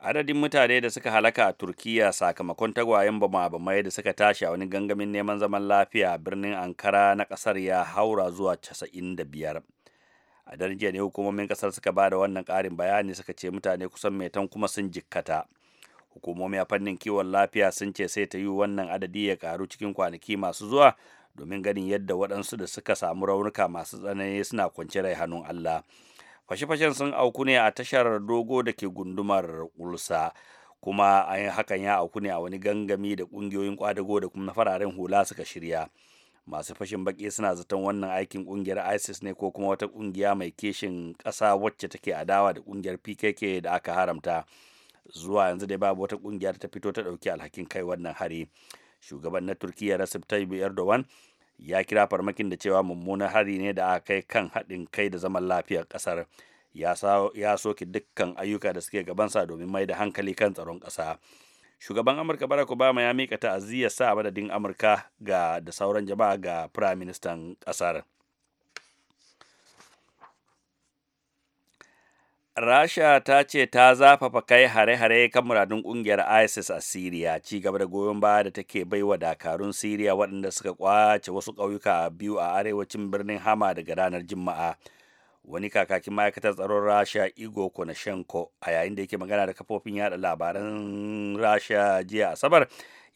adadin mutane da suka halaka a Turkiyya sakamakon tagwayen bama-bamai da suka tashi a wani gangamin neman zaman lafiya a birnin ankara na kasar ya haura zuwa 95 a daren ne hukumomin ƙasar suka ba da wannan karin bayani suka ce mutane kusan metan kuma sun jikkata hukumomi a fannin kiwon lafiya sun ce sai ta yi wannan adadi ya karu cikin kwanaki masu zuwa domin ganin yadda waɗansu da suka samu raunuka masu tsanani suna kwance rai hannun allah fashe-fashen sun auku ne a tashar dogo da ke gundumar ulsa kuma an hakan ya auku ne a wani gangami da kungiyoyin kwadago da kuma fararen hula suka shirya masu fashin baki suna zaton wannan aikin kungiyar isis ne ko kuma wata kungiya mai keshin kasa wacce take adawa da kungiyar pkk da aka haramta zuwa yanzu dai babu wata kungiya ta fito ta ɗauki alhakin kai wannan hari shugaban na turkiyya recep tayyip erdogan ya kira farmakin da cewa mummunan hari ne da aka kai kan haɗin kai da zaman lafiyar ƙasar ya soke dukkan ayyuka da suke gabansa domin mai da hankali kan tsaron ƙasa shugaban amurka barack obama ya mika ta'aziyyar sa madadin amurka ga da sauran jama'a ga firaministan ƙasar Rasha ta ce ta zafafa kai hare-hare kan muradun kungiyar ISIS a Siriya ci gaba da goyon baya da take baiwa dakarun Siriya waɗanda suka kwace wasu ƙauyuka biyu a arewacin birnin Hama daga ranar Juma'a. Wani kakakin ma'aikatar tsaron Rasha Igor Konashenko a yayin da yake magana da kafofin yada labaran Rasha jiya Asabar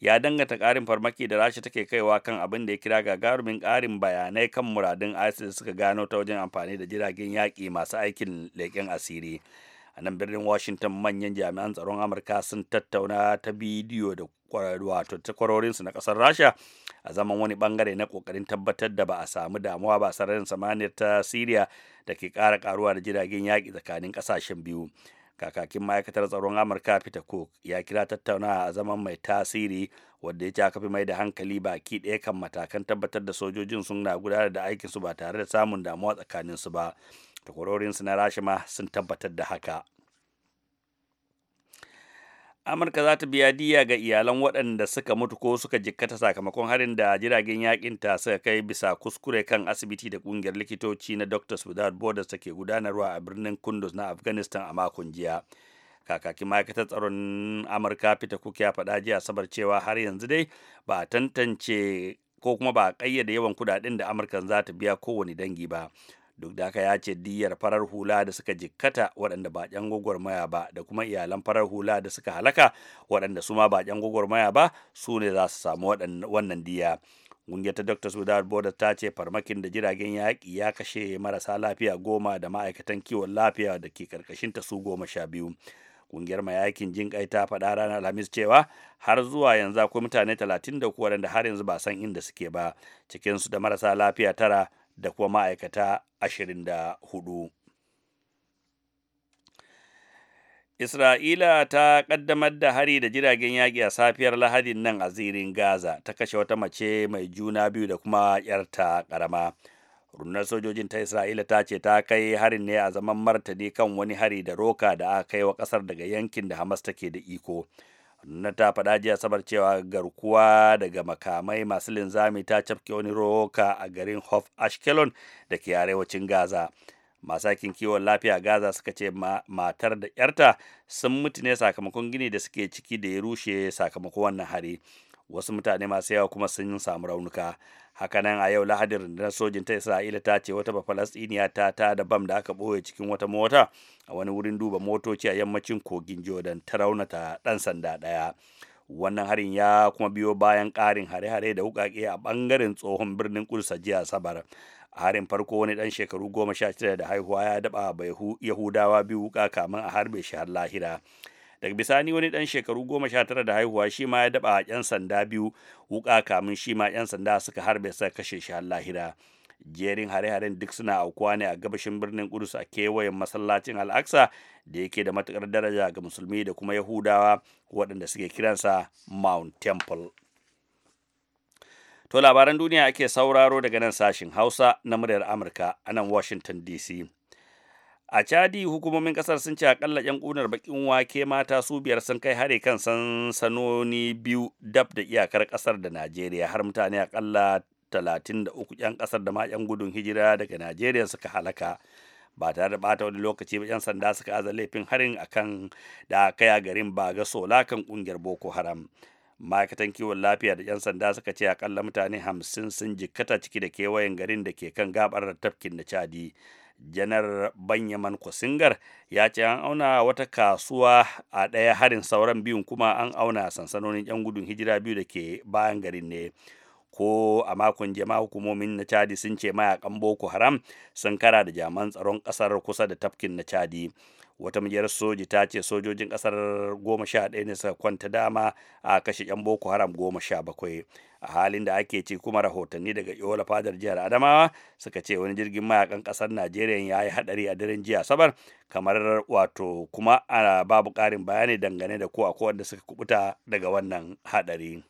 ya danganta karin farmaki da rasha take kaiwa kan abin da ya kira gagarumin karin bayanai kan muradun isis suka gano ta wajen amfani da jiragen yaƙi masu aikin leƙen asiri a nan birnin washington manyan jami'an tsaron amurka sun tattauna ta bidiyo da wato kwarorinsu na kasar rasha a zaman wani bangare na kokarin tabbatar da ba a samu damuwa ba sararin samaniyar ta syria da ke kara karuwa da jiragen yaƙi tsakanin kasashen biyu kakakin ma'aikatar tsaron amurka peter cook ya kira tattaunawa a zaman mai tasiri wadda ya ce aka fi mai da hankali baki ɗaya kan matakan tabbatar da sojojin sun na gudanar da aikinsu ba tare da samun damuwa tsakaninsu ba takwarorinsu na rashima sun tabbatar da haka amurka za ta biya diya ga iyalan waɗanda suka mutu ko suka jikkata sakamakon harin da jiragen yakin ta suka kai bisa kuskure kan asibiti da ƙungiyar likitoci na doctors without borders take gudanarwa a birnin kunduz na afghanistan a makon jiya kakakin ma'aikatar tsaron amurka fita cook ya faɗa jiya sabar cewa har yanzu dai ba a tantance ko kuma ba a ƙayyade yawan kuɗaɗen da amurka za ta biya kowane dangi ba duk da haka ya ce diyar farar hula da suka jikkata waɗanda ba ƴan gwagwarmaya ba da kuma iyalan farar hula da suka halaka waɗanda su ma ba ƴan gwagwarmaya ba su ne za su samu wannan diya ƙungiyar ta dr sudar boda ta ce farmakin da jiragen yaƙi ya kashe marasa lafiya goma da ma'aikatan kiwon lafiya da ke karkashin ta su goma sha biyu ƙungiyar mayakin jin ƙai ta faɗa ranar alhamis cewa har zuwa yanzu akwai mutane talatin da waɗanda har yanzu ba san inda suke ba cikinsu da marasa lafiya tara da kuma ma'aikata 24 Isra'ila ta ƙaddamar da hari da jiragen yaƙi a safiyar Lahadin nan a zirin Gaza ta kashe wata mace mai juna biyu da kuma ‘yarta ƙarama. Rundunar sojojin ta Isra'ila ta ce ta kai harin ne a zaman martani kan wani hari da roka da aka kai wa ƙasar daga yankin da Hamas take da iko. na ta faɗa jiya samar cewa garkuwa daga makamai masu linzami ta cafke wani roka a garin hof ashkelon da ke arewacin gaza masu aikin kiwon lafiya gaza suka ce matar da yarta sun mutu ne sakamakon gini da suke ciki da ya rushe sakamakon wannan hari wasu mutane masu yawa kuma sun samu raunuka hakanan a yau lahadin rundunar sojin ta isra'ila ta ce wata bafalastiniya ta ta da bam da aka ɓoye cikin wata mota a wani wurin duba motoci a yammacin kogin jordan ta raunata ɗan sanda ɗaya wannan harin ya kuma biyo bayan ƙarin hare-hare da wukake a ɓangaren tsohon birnin kursa jiya sabar a harin farko wani ɗan shekaru goma sha shida da haihuwa ya daɓa yahudawa biyu wuƙa kamin a harbe shi har lahira daga bisani wani dan shekaru goma sha tara da haihuwa shi ma ya daba yan sanda biyu wuƙa kamun shi ma yan sanda suka harbe sa kashe shi har lahira jerin hare-haren duk suna aukuwa ne a gabashin birnin kudus a kewayen masallacin al'aksa da yake da matukar daraja ga musulmi da kuma yahudawa waɗanda suke kiransa mount temple to labaran duniya ake sauraro daga nan sashin hausa na muryar amurka a nan washington dc a chadi hukumomin kasar sun ce akalla yan kunar bakin wake mata su biyar sun kai hare kan sansanoni biyu dab da iyakar kasar da najeriya har mutane akalla 33 yan kasar da ma yan gudun hijira daga najeriya suka halaka ba tare da bata wani lokaci ba yan sanda suka aza laifin harin akan da kaya garin baga sola kan kungiyar boko haram ma'aikatan kiwon lafiya da 'yan sanda suka ce akalla mutane hamsin sun jikkata ciki da kewayen garin da ke kan gabar tafkin na chadi janar banyaman kwasingar ya ce an auna wata kasuwa a ɗaya harin sauran biyun kuma an auna sansanonin 'yan gudun hijira biyu da ke bayan garin ne ko a makon jama'a hukumomin na chadi sun ce mayakan boko haram sun kara da jaman tsaron kasar kusa da tafkin na chadi wata majiyar soji ta ce sojojin kasar goma sha ɗaya ne suka kwanta dama a kashe 'yan boko haram goma sha bakwai a halin da ake ci kuma rahotanni daga yola fadar jihar adamawa suka ce wani jirgin mayakan kasar najeriya ya yi hadari a daren jiya sabar kamar wato kuma ana babu karin bayani dangane da ko a wanda suka kubuta daga wannan hadari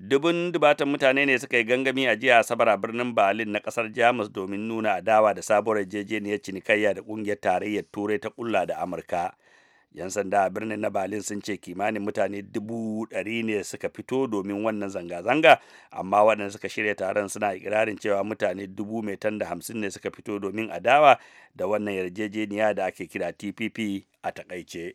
dubun dubatan mutane ne suka yi gangami a jiya asabar a birnin berlin na kasar jamus domin nuna adawa da sabuwar yarjejeniyar cinikayya da kungiyar tarayyar turai ta kulla da amurka yan sanda a birnin na berlin sun ce kimanin mutane dubu ɗari ne suka fito domin wannan zanga-zanga amma waɗanda suka shirya taron suna ikirarin cewa mutane dubu mai tan da hamsin ne suka fito domin adawa da wannan yarjejeniya da ake kira tpp a takaice.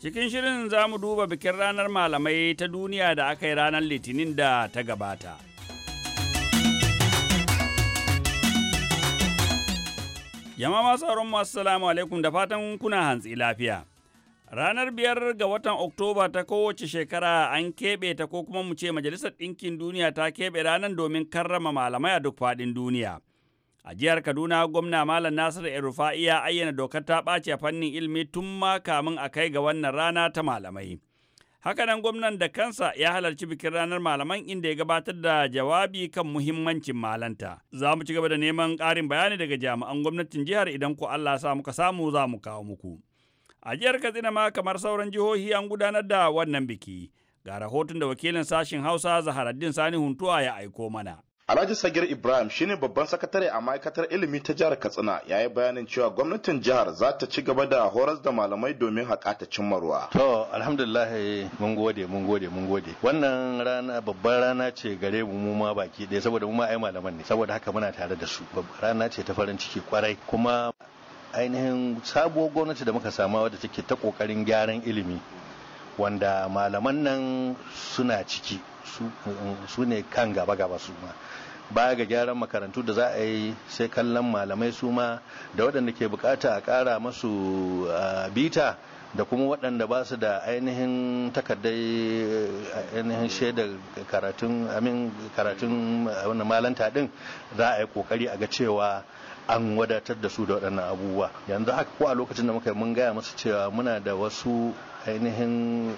Cikin shirin za mu duba bikin ranar malamai ta duniya da aka yi ranar Litinin da ta gabata. Yama masu tsaron masu salamu alaikum da fatan kuna hantsi lafiya. Ranar biyar ga watan Oktoba ta kowace shekara an keɓe ta ko kuma mu ce Majalisar Ɗinkin Duniya ta keɓe ranar domin karrama malamai a duk faɗin duniya. A jihar Kaduna, gwamna Malam Nasir Erufa'i ya ayyana dokar ta ɓace fannin ilimi tun ma kamun a kai ga wannan rana ta malamai. Hakanan gwamnan da kansa ya halarci bikin ranar malaman inda ya gabatar da jawabi kan muhimmancin malanta. Za mu ci gaba da neman ƙarin bayani daga jami'an gwamnatin jihar idan ku Allah sa muka samu za mu kawo muku. A jihar Katsina ma kamar sauran jihohi an gudanar da wannan biki. Ga rahoton da wakilin sashen Hausa Zaharaddin Sani Huntuwa ya aiko mana. Alhaji Sagir Ibrahim shine babban sakatare a ma'aikatar ilimi ta jihar Katsina ya yi bayanin cewa gwamnatin jihar za ta ci gaba da horas da malamai domin haƙa ta cimma ruwa. To alhamdulillah mun gode mun gode mun gode. Wannan rana babban rana ce gare mu mu ma baki ɗaya saboda mu ma ai malaman ne saboda haka muna tare da su. Rana ce ta farin ciki kwarai kuma ainihin sabuwar gwamnati da muka sama wadda take ta ƙoƙarin gyaran ilimi wanda malaman nan suna ciki su ne kan gaba-gaba su ma. baya ga gyaran makarantu da za a yi sai kallon malamai su ma da waɗanda ke bukata a ƙara masu bita da kuma waɗanda ba su da ainihin takardai ainihin shaidar karatun amin karatun wannan malanta din za a yi kokari a ga cewa an wadatar da su da waɗannan abubuwa yanzu haka ko a lokacin da muka mun gaya masu cewa muna da wasu ainihin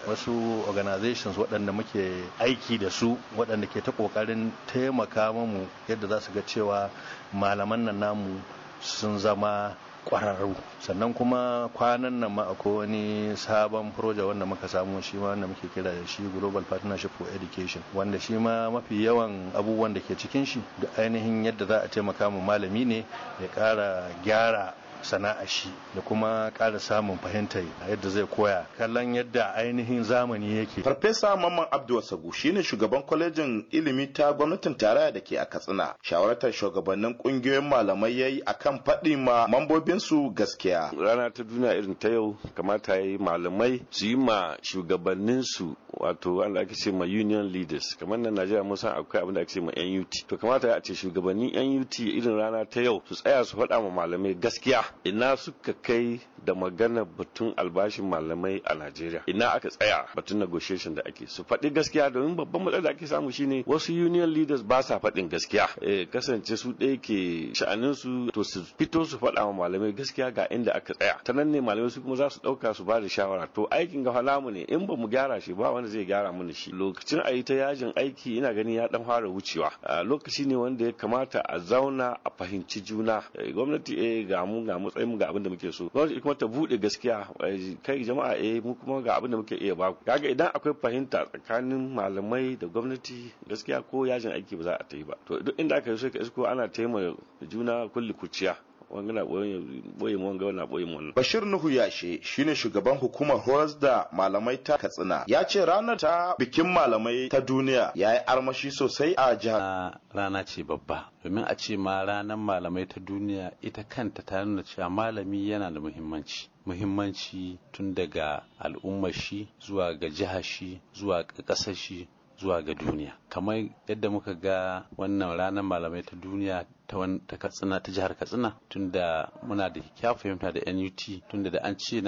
wasu organizations waɗanda muke aiki da su waɗanda ke ta ƙoƙarin taimaka mamu yadda za su ga cewa malaman nan namu sun zama ƙwararru. sannan kuma kwanan nan ma akwai wani sabon proje wanda muka samu shi ma wanda muke kira da shi global partnership for education wanda shi ma mafi yawan abubuwan da ke cikin shi da ainihin yadda za a taimaka mu malami ne ya ƙara gyara sana'a shi da kuma ƙara samun fahimta a yadda zai koya kallon yadda ainihin zamani yake. Farfesa Mamman Abdu shi ne shugaban kwalejin ilimi ta gwamnatin tarayya da ke a Katsina. Shawartar shugabannin ƙungiyoyin malamai yayi akan faɗi ma mambobinsu gaskiya. Rana ta duniya irin ta yau kamata yayi malamai su yi ma shugabanninsu wato wanda ake ce ma union leaders kamar nan Najeriya mun san akwai abin da ake ce ma NUT. To kamata ya ce shugabannin NUT irin rana ta yau su tsaya su faɗa ma malamai gaskiya ina suka kai da magana batun albashin malamai a Najeriya ina aka tsaya batun negotiation da ake su faɗi gaskiya domin babban matsala da ake samu shine wasu union leaders ba sa faɗin gaskiya eh kasance su ɗaya ke sha'anin su to su fito su faɗa wa malamai gaskiya ga inda aka tsaya ta nan ne malamai su kuma za su ɗauka su ba da shawara to aikin ga namu ne in ba mu gyara shi ba wanda zai gyara mana shi lokacin a yi ta yajin aiki ina gani ya dan fara wucewa lokaci ne wanda ya kamata a zauna a fahimci juna eh, gwamnati eh ga mu ga matsayin mu ga abin da muke so shi kuma ta bude gaskiya eh, kai jama'a eh mu kuma ga abin da muke iya baku kaga idan akwai fahimta tsakanin malamai da gwamnati gaskiya ko yajin aiki ba za a ta yi ba to duk inda aka yi sai ka isko ana taimaka juna kulli kuciya wanga na boye mu wanga na boye mu Bashir Nuhu Yashe shine shugaban hukumar horas da malamai ta Katsina ya ce ranar ta bikin malamai ta duniya ya yi armashi sosai a jihar rana ce babba domin a ce ma ranar malamai ta duniya ita kanta ta nuna cewa malami yana da muhimmanci muhimmanci tun daga al'ummar shi zuwa ga jihar shi zuwa ga ƙasar shi zuwa ga duniya kamar yadda muka ga wannan ranar malamai ta duniya ta ta katsina ta jihar katsina tunda muna da kyakkyawar fahimta da nut tunda da an ce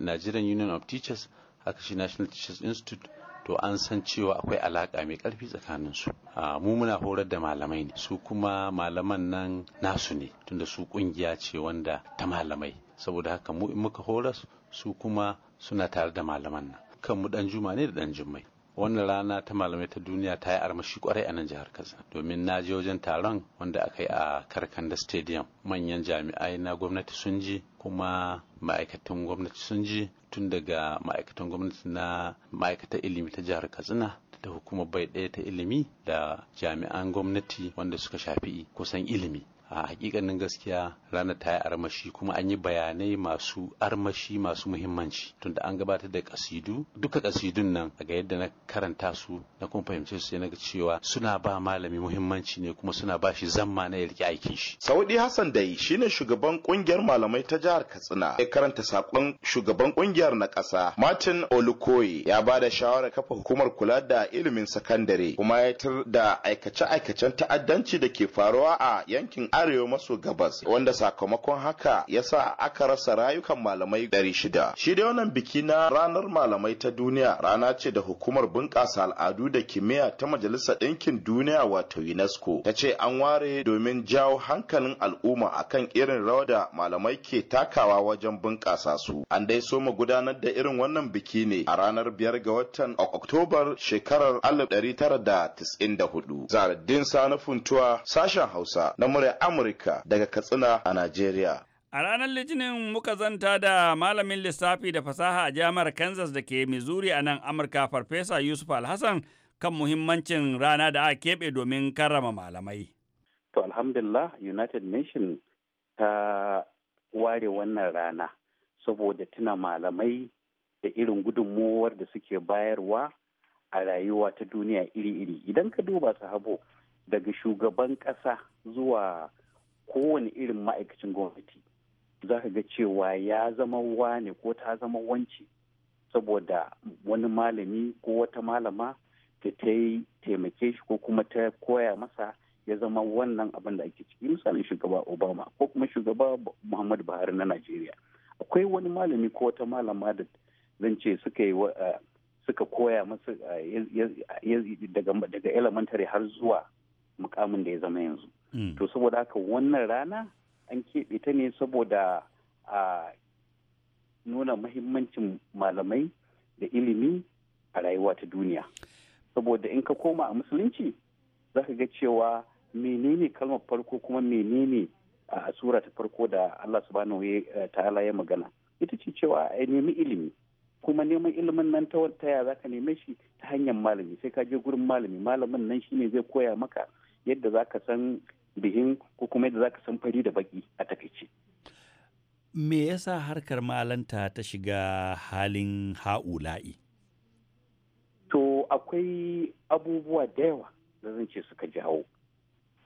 nigerian union of teachers haka shi national teachers institute to an san cewa akwai alaka mai karfi tsakanin su mu muna horar da malamai ne su kuma malaman nan nasu ne tunda su kungiya ce wanda ta malamai saboda haka mu in muka horar su kuma suna tare da malaman nan kan mu dan juma ne da dan jummai wannan rana ta malamai ta duniya ta yi armashi kwarai a nan jihar katsina domin na je wajen taron wanda aka yi a karkanda stadium manyan jami'ai na gwamnati sun ji kuma ma'aikatan gwamnati sun ji tun daga ma'aikatan gwamnati na ma'aikatar ilimi ta jihar katsina da hukumar bai ɗaya ta ilimi da jami'an gwamnati wanda suka shafi kusan ilimi a hakikanin gaskiya ranar ta yi armashi kuma an yi bayanai masu armashi masu muhimmanci tunda an gabatar da kasidu duka kasidun nan ga yadda na karanta su na kuma fahimce su sai na cewa suna ba malami muhimmanci ne kuma suna ba shi zamma na yarki aikin shi saudi hassan dai shine shugaban kungiyar malamai ta jihar katsina ya karanta sakon shugaban kungiyar na kasa martin olukoyi ya ba da shawarar kafa hukumar kula da ilimin sakandare kuma ya tar da aikace-aikacen ta'addanci da ke faruwa a yankin arewa maso gabas wanda sakamakon haka ya sa aka rasa rayukan malamai shida. shi dai wannan biki na ranar malamai ta duniya rana ce da hukumar bunƙasa al'adu da kimiyya ta majalisar ɗinkin duniya wato unesco ta ce an ware domin jawo hankalin al'umma akan irin rawa da malamai ke takawa wajen bunƙasa su an dai soma gudanar da irin wannan biki ne a ranar biyar ga watan oktobar shekarar da hudu. zaradin sanufin sashen hausa na murya Amurka daga Katsina a Najeriya. A ranar Litinin muka zanta da malamin lissafi da fasaha a jami'ar Kansas da ke Missouri a nan Amurka Farfesa Yusuf Alhassan kan muhimmancin rana da aka keɓe domin karrama malamai. To alhamdulillah United nation ta ware wannan rana saboda tuna malamai da irin gudunmowar da suke bayarwa a rayuwa ta duniya iri-iri. Idan ka duba sahabo daga shugaban ƙasa zuwa kowane irin ma'aikacin gwamnati za ka ga cewa ya zama wane ko ta zama wance saboda wani malami ko wata malama ta taimake shi ko kuma ta koya masa ya zama wannan abin da ake ciki misalin shugaba obama ko kuma shugaba muhammadu buhari na najeriya akwai wani malami ko wata malama da zan ce suka yi eh, suka koya masa eh, daga elementary har zuwa mukamin da ya zama yanzu hmm. to saboda haka wannan rana an keɓe ta ne saboda a nuna mahimmancin malamai da ilimi a rayuwa ta duniya saboda in ka koma a musulunci za ka ga cewa menene kalmar farko kuma menene a sura ta farko da Allah subhanahu ta'ala ya magana ita ce cewa a nemi ilimi kuma neman ilimin nan ta wata ya za ka neme shi ta hanyar malami sai ka je gurin malami malamin nan shine zai koya maka yadda za ka san bihin ko kuma yadda za ka san fari da baki a takaice. Me yasa harkar malanta ta shiga halin ha'ula'i? To akwai abubuwa da yawa da zan ce suka jawo.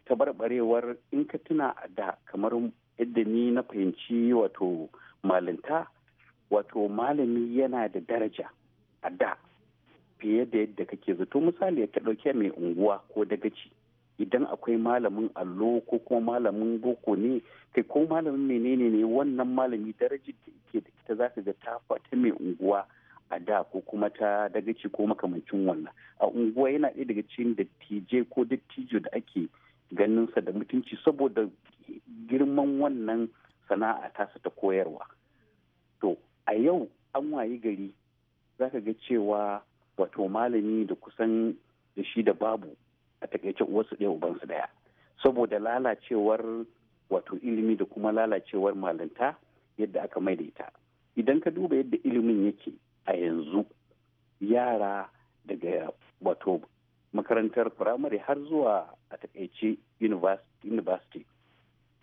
Tabarbarewar in ka tuna a da kamar yadda ni na fahimci wato malinta, wato malami yana da daraja a da fiye da yadda kake zato misali ya ta ɗauke mai unguwa ko dagaci idan akwai malamin allo ko kuma malamin boko ne kai ko malamin menene ne wannan malami darajar da ke da ita za ka ga ta fata mai unguwa a da ko kuma ta dagaci ko makamancin wannan a unguwa yana ɗaya daga cikin dattijai ko dattijo da ake sa da mutunci saboda girman wannan sana'a tasa ta koyarwa to a yau an wayi gari za ka ga cewa wato malami da kusan da shi da babu a takaice wasu ɗaya ubansu ɗaya saboda lalacewar wato ilimi da kuma lalacewar malinta yadda aka ita idan ka duba yadda ilimin yake a yanzu yara daga wato makarantar firamare har zuwa a takaice university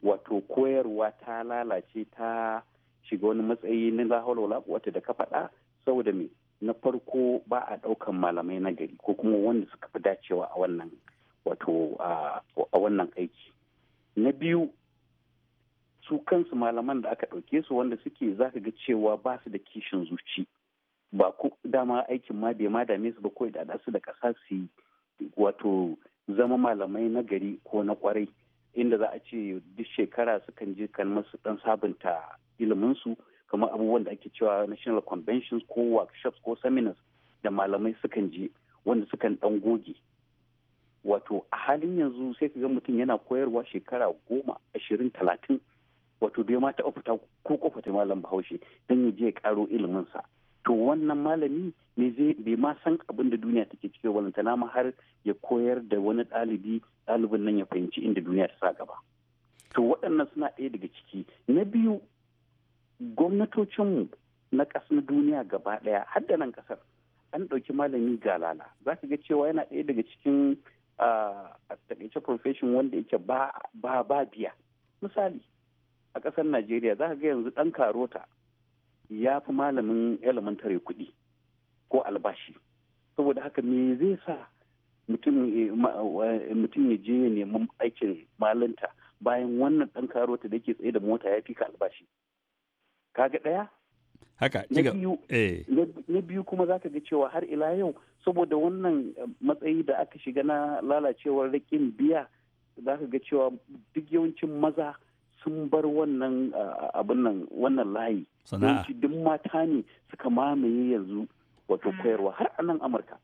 wato koyarwa ta lalace ta shiga wani matsayi na lahaula wata da ka faɗa saboda mai. na farko ba a ɗaukan malamai na gari ko kuma wanda suka fi dacewa a wannan wato a wannan aiki na biyu su kansu malaman da aka ɗauke su wanda suke za ka ga cewa ba su da kishin zuci ba ku dama aikin ma bai ma dame su ba ko da su da ƙasa su wato zama malamai na gari ko na kwarai inda za a ce duk shekara sukan je kan masu ɗan sabunta iliminsu su kamar abubuwan da ake cewa national conventions ko workshops ko seminars da malamai sukan je wanda sukan dan goge wato a halin yanzu sai ka ga mutum yana koyarwa shekara goma ashirin talatin wato bai ma taɓa fita ko kofa ta malam bahaushe don ya je ya ƙaro iliminsa to wannan malami ne zai bai ma san abin da duniya take ciki walantana ma har ya koyar da wani ɗalibi ɗalibin nan ya fahimci inda duniya ta sa gaba to waɗannan suna ɗaya daga ciki na biyu gwamnatocinmu na ƙasar duniya gaba ɗaya har da nan ƙasar an ɗauki malami galala za ka ga cewa yana ɗaya daga cikin a takaice profession wanda yake ba ba biya misali a ƙasar najeriya za ka ga yanzu ɗan karota ya fi malamin elementary kuɗi ko albashi saboda haka me zai sa mutum eh, eh, ya je ya neman aikin malanta bayan wannan ɗan karota da ke tsaye da mota ya fi ka albashi kaga ɗaya haka eh. na biyu kuma za ka ga cewa har ila yau saboda wannan eh, matsayi da aka shiga na lalacewar rikin biya za ka ga cewa duk yawancin maza sun bar wannan eh, abin wannan layi yawanci duk mata ne suka mamaye yanzu wato hmm. koyarwa har anan amurka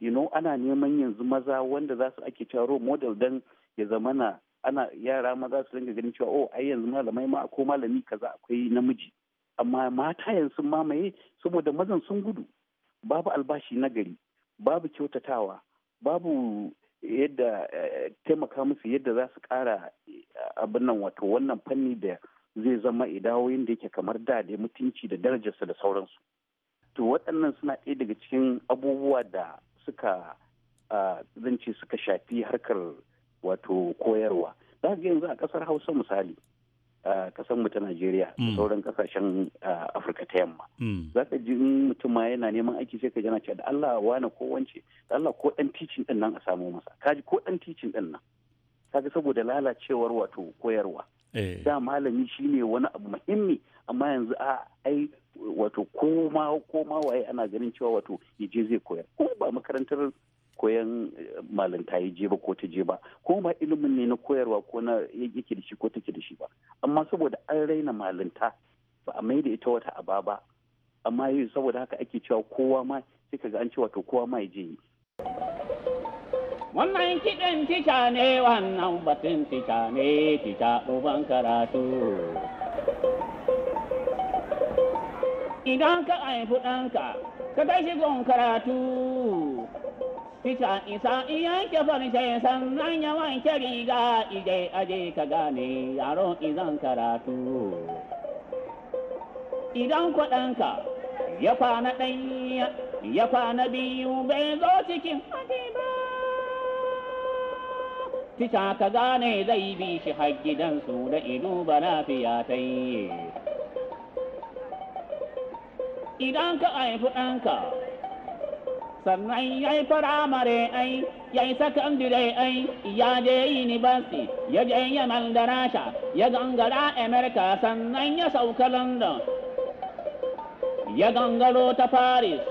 you know ana neman yanzu maza wanda za su ake cewa model dan ya zamana ana yara maza su dinga ganin cewa oh ai yanzu malamai ma ko malami kaza akwai namiji amma mata yanzu mamaye saboda mazan sun gudu babu albashi na gari babu kyautatawa babu yadda eh, taimaka musu yadda za su kara eh, abin nan wato wannan fanni da zai zama idawo yadda yake kamar da da mutunci da darajarsa da sauransu to waɗannan suna ɗaya daga cikin abubuwa da suka ah, zance suka shafi harkar wato koyarwa za ga yanzu a kasar hausa misali kasan mu ta najeriya da mm. sauran kasashen afirka ta yamma mm. za ka ji mutum ma yana neman aiki sai ka jana cewa da allah wani ko wance da allah ko dan ticin din nan a samu masa kaji ko dan ticin din nan kaga saboda lalacewar wato koyarwa eh. da malami shine wani abu muhimmi amma yanzu a ai wato koma koma waye ana ganin cewa wato yaje zai koyar ko ba makarantar koyan eh, malinta ya je ba ko ta je ko ba ilimin ne na koyarwa ko na yake da shi ko take da shi ba amma saboda an raina malinta ba a mai da ita wata aba ba amma saboda haka ake cewa kowa ma sai kaga an cewa to kowa ma ya je yi wannan kiɗin tica ne wannan batun tica ne tica uban karatu idan ka haifi ɗanka ka kai shi gon karatu Tica isa iya ke sannan ya wanke riga ije aje ka gane yaro izan karatu. Idan kuɗanka ya kwana ɗaya ya kwana biyu bai zo cikin haɗe ba. Tica ka gane zai bi shi har gidansu da ido ba lafiya ta yi. Idan ka haifi ɗanka sannan ya yi fara mare ai ya yi sakandire ai ya je yunibasti ya je yamal da rasha ya gangara amerika sannan ya sauka london ya gangaro ta paris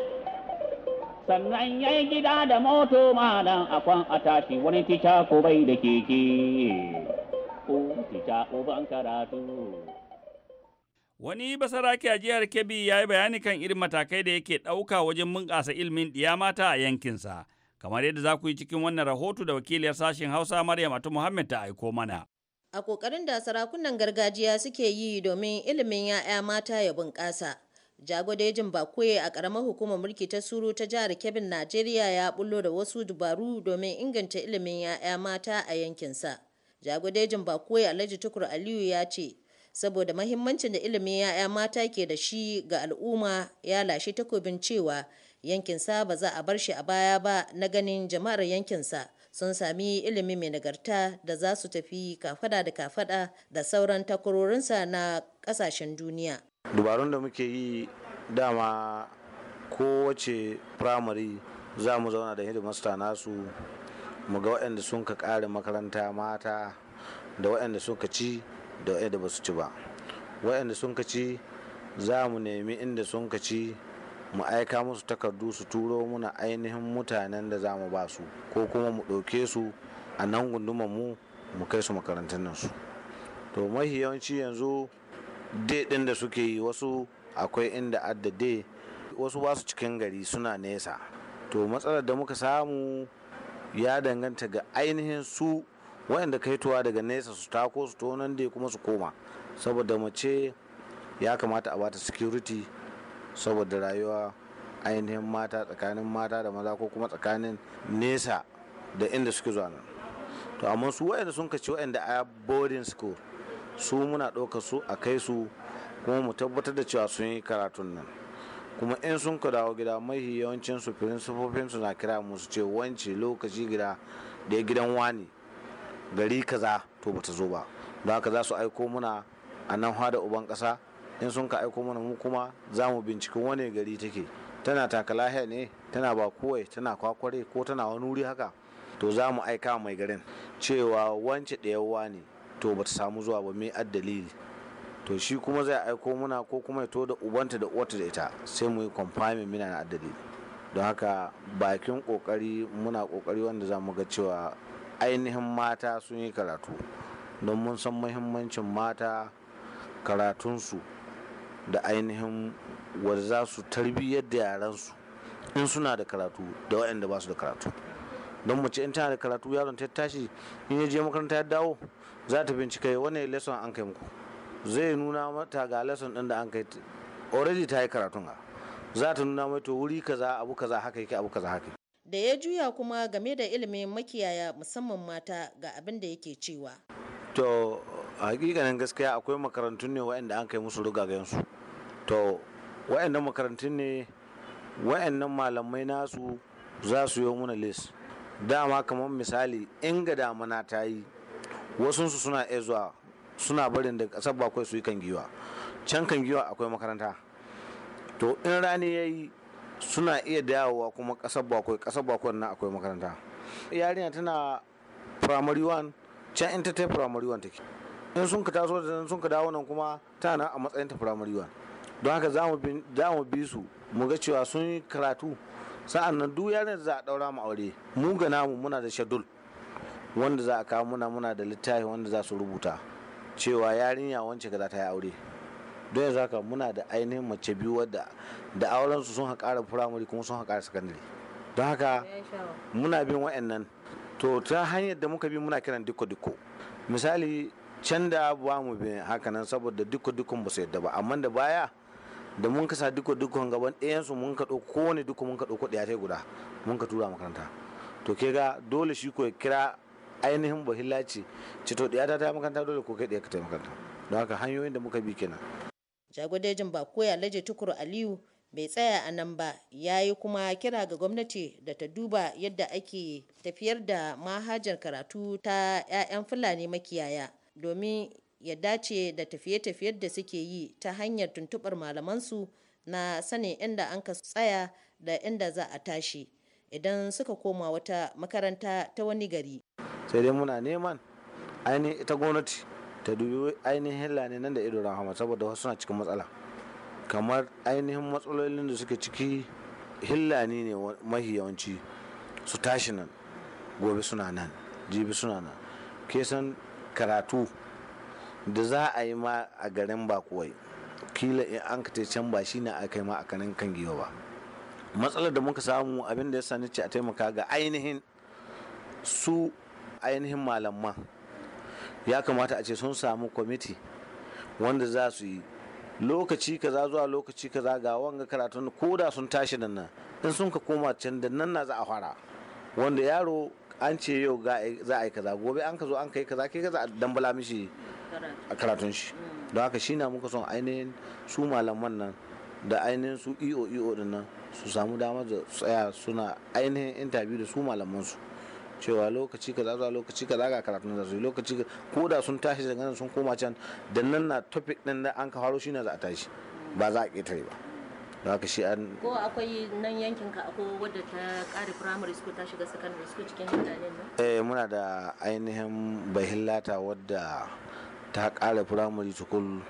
sannan ya yi gida da moto malam akwan a tashi wani tica ko bai da keke ko tica uban karatu Wani basaraki a jihar Kebbi ya yi bayani kan irin matakai da yake ɗauka wajen bunƙasa ilimin ɗiya mata a yankinsa, kamar yadda za ku yi cikin wannan rahoto da wakiliyar sashen Hausa Maryam Atu Muhammad ta aiko mana. A ƙoƙarin da sarakunan gargajiya suke yi domin ilimin 'ya'ya mata ya bunƙasa. Jagodejin Bakoye a ƙaramar hukumar mulki ta Suru ta jihar Kebbin Najeriya ya bullo da wasu dubaru domin inganta ilimin 'ya'ya mata a yankinsa. Jagodejin Bakoye Alhaji Tukur Aliyu ya ce, saboda mahimmancin da ilimin 'ya'ya mata ke da shi ga al'umma ya lashe takobin cewa yankin sa ba za a bar shi a baya ba na ganin jama'ar yankin sa sun sami ilimi mai nagarta da za su tafi kafada da kafada da sauran takwarorinsa na kasashen duniya. dubarun da muke yi dama kowace firamare za mu zauna da hidimasta nasu mu ga waɗanda sun ka ƙare makaranta mata da waɗanda ka ci da waɗanda ba su ci ba waɗanda sun ci za mu nemi inda sun ci mu aika musu takardu su turo muna ainihin mutanen da za mu ba su ko kuma mu ɗauke su a nan gundumar mu mu kai su makarantar nan su to mahi yawanci yanzu daidin da suke yi wasu akwai inda addade wasu ba su cikin gari suna nesa to matsalar da muka samu ya danganta ga ainihin su wayanda kaituwa daga nesa su tako su tonan da kuma su koma saboda mace ya kamata a bata security saboda rayuwa ainihin mata tsakanin mata da maza ko kuma tsakanin nesa da inda suke zuwa nan to amma su wayanda sun kaci wayanda a boarding school su muna ɗauka su a kai su kuma mu tabbatar da cewa sun yi karatun nan kuma in sun ka dawo gida mahi yawancin su su na kira musu ce wance lokaci gida da gidan wani gari kaza to bata zo ba don haka za su aiko muna a nan da uban ƙasa in sun ka aiko mana mu kuma za mu binciken wane gari take tana takalaya ne tana ba kowai tana kwakware ko tana wani wuri haka to za mu aika mai garin cewa wance ɗayawa ne to bata samu zuwa ba mai addalili to shi kuma zai aiko muna ko kuma ya to da ubanta da uwarta da ita sai mu yi kwamfamin mina na addalili don haka bakin kokari muna kokari wanda za mu ga cewa ainihin mata sun yi karatu don mun san muhimmancin mata karatunsu da ainihin wadda za su tarbiyyar da yaransu in suna da karatu da waɗanda ba su da karatu don mace in tana da karatu yaron ta tashi in ya je makaranta ya dawo za ta bincika wani lesson an kai muku zai nuna mata ga lesson ɗin da an kai already ta yi karatun a za ta nuna mai to wuri kaza abu kaza haka yake abu kaza haka da ya juya kuma game da ilimin makiyaya musamman mata ga abin da yake cewa. To hakikanin gaskiya akwai makarantun ne wa'anda an kai musu rugagayensu. To waɗannan makarantun ne wa'annan malamai nasu za su yi muna les. Dama kamar misali in ga damana ta yi wasunsu suna iya zuwa suna barin da ƙasar bakwai su yi kan giwa. Can kan giwa akwai makaranta. To in rani ya yi suna iya dawowa kuma ƙasar bakwai ƙasar bakwai na akwai makaranta yarinya tana primary one can in ta ta primary one take in sun ka taso da sun ka dawo nan kuma tana a matsayin ta primary one don haka za mu bi su mu ga cewa sun yi karatu sa'an nan duk yarinya za a daura mu aure mu ga namu muna da shadul wanda za a kawo muna muna da littafi wanda za su rubuta cewa yarinya wance ga za ta yi aure don yanzu haka muna da ainihin mace biyu wadda da aurensu sun haƙara firamare kuma sun haƙara sakandare don haka muna bin wa'annan to ta hanyar da muka bi muna kiran dikko-dikko misali can da ba mu bin hakanan saboda dikko-dikkon ba su yadda ba amma da baya da mun kasa dikko-dikkon gaban ɗayansu mun ka ɗauko kowane dukko mun ka ɗauko ɗaya ta guda mun ka tura makaranta to ke ga dole shi ko kira ainihin bahilla ce ce to ɗaya ta makaranta dole ko kai ɗaya ka ta makaranta don haka hanyoyin da muka bi kenan Jagodejin koya laje tukuru Aliyu bai tsaya a nan ba, ya yi kuma kira ga gwamnati da ta duba yadda ake tafiyar da mahajar karatu ta 'ya'yan Fulani makiyaya domin ya dace da tafiye tafiyar da suke yi ta hanyar tuntuɓar malamansu na sanin inda an ka tsaya da inda za a tashi idan suka koma wata makaranta ta wani gari. Sai dai muna neman ainihin ita gwamnati ta dubi ainihin lani nan da ido rahama saboda wasu suna cikin matsala kamar ainihin matsalolin da suke ciki hillani ne mahi yawanci su tashi nan gobe suna nan jibi suna nan ke san karatu da za a yi ma a garin bakuwai kila in an ka can ba shine aka yi ma a kanin kan giwa ba matsalar da muka samu abin da ya sani ce a taimaka ga ainihin su ainihin malaman ya kamata a ce sun samu kwamiti wanda za su yi lokaci kaza zuwa lokaci kaza ga wanga karatun ko da sun tashi da nan in sun ka koma can da nan na za a fara wanda yaro an ce yau za a yi kaza gobe an ka zo an kai kaza kai kaza a dambala mishi a karatun shi don haka shi na muka son ainihin su malaman nan da ainihin su iyo e iyo e din nan su samu damar da tsaya suna ainihin intabi da su malaman su cewa lokaci kaza za lokaci kaza ga karatun da zai lokaci ko da sun tashi da ganin sun koma can da nan na topic din da an ka faro shi na za a tashi ba za a ƙetare ba shi an ko akwai nan yankin ka akwai wadda ta ƙare primary school ta shiga secondary school cikin mutanen nan eh muna da ainihin bahillata wadda ta kare primary school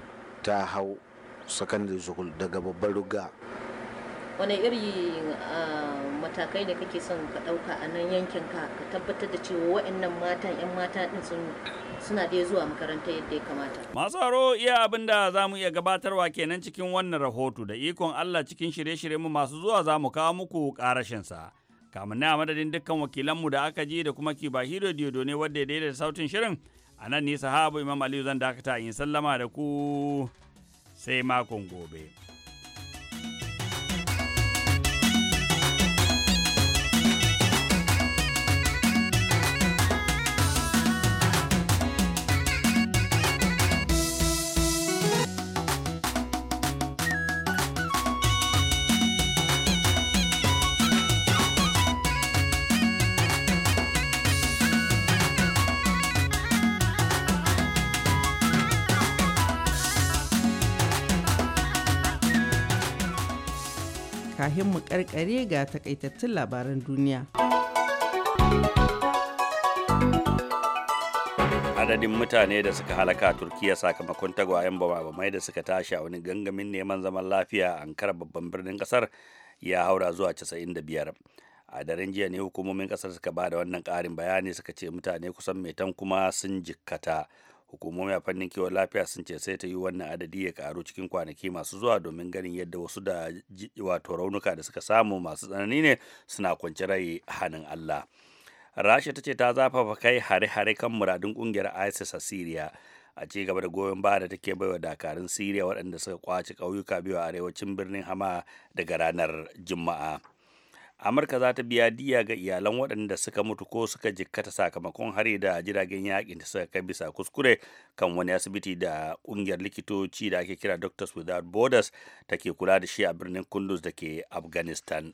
ta hau secondary school daga babbar ruga wani iri ah, matakai da kake son ka ɗauka a nan yankinka ka tabbatar da cewa wa'annan matan 'yan mata ɗin sun suna da zuwa makaranta yadda ya kamata. Masu haro iya abin da za mu iya gabatarwa kenan cikin wannan rahoto da ikon Allah cikin shirye-shirye mu masu zuwa za mu kawo muku ƙarashinsa. Kamun na madadin dukkan wakilanmu da aka ji da kuma Kibahiro Diodo ne wadda ya daidaita sautin shirin a nan ne sahabu Imam Aliyu zan dakata in sallama da ku sai makon gobe. mu karkare ga takaitattun labaran duniya. adadin mutane da suka halaka turkiya sakamakon tagwayen bamai da suka tashi a wani gangamin neman zaman lafiya a ankara babban birnin kasar ya haura zuwa 95 a daren jiya ne hukumomin kasar suka ba da wannan karin bayani suka ce mutane kusan tan kuma sun jikkata hukumomi a fannin kiwon lafiya sun ce sai ta yi wannan adadi ya karu cikin kwanaki masu zuwa domin ganin yadda wasu da wato raunuka da suka samu masu tsanani ne suna kwanci rai hannun Allah rasha ta ce ta zafafa kai hare-hare kan muradun kungiyar isis a syria a ci gaba da goyon baya da take baiwa dakarun syria waɗanda suka kwace ƙauyuka biyu a arewacin birnin hama daga ranar juma'a amurka za ta biya diya ga iyalan waɗanda suka mutu ko suka jikkata sakamakon hari da jiragen yakin da suka kai bisa kuskure kan wani asibiti da ƙungiyar likitoci da ake kira doctors without borders take kula da shi a birnin kunduz da ke afghanistan